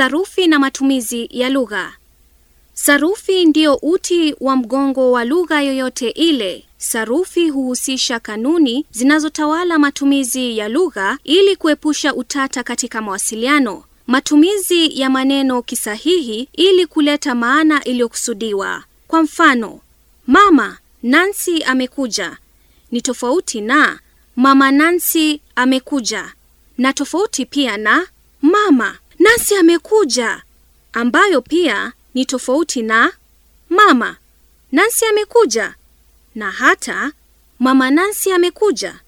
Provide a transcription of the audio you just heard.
Sarufi na matumizi ya lugha. Sarufi ndio uti wa mgongo wa lugha yoyote ile. Sarufi huhusisha kanuni zinazotawala matumizi ya lugha ili kuepusha utata katika mawasiliano. Matumizi ya maneno kisahihi ili kuleta maana iliyokusudiwa. Kwa mfano, Mama Nancy amekuja ni tofauti na Mama Nancy amekuja na tofauti pia na mama nasi amekuja, ambayo pia ni tofauti na mama Nansi amekuja na hata mama Nansi amekuja.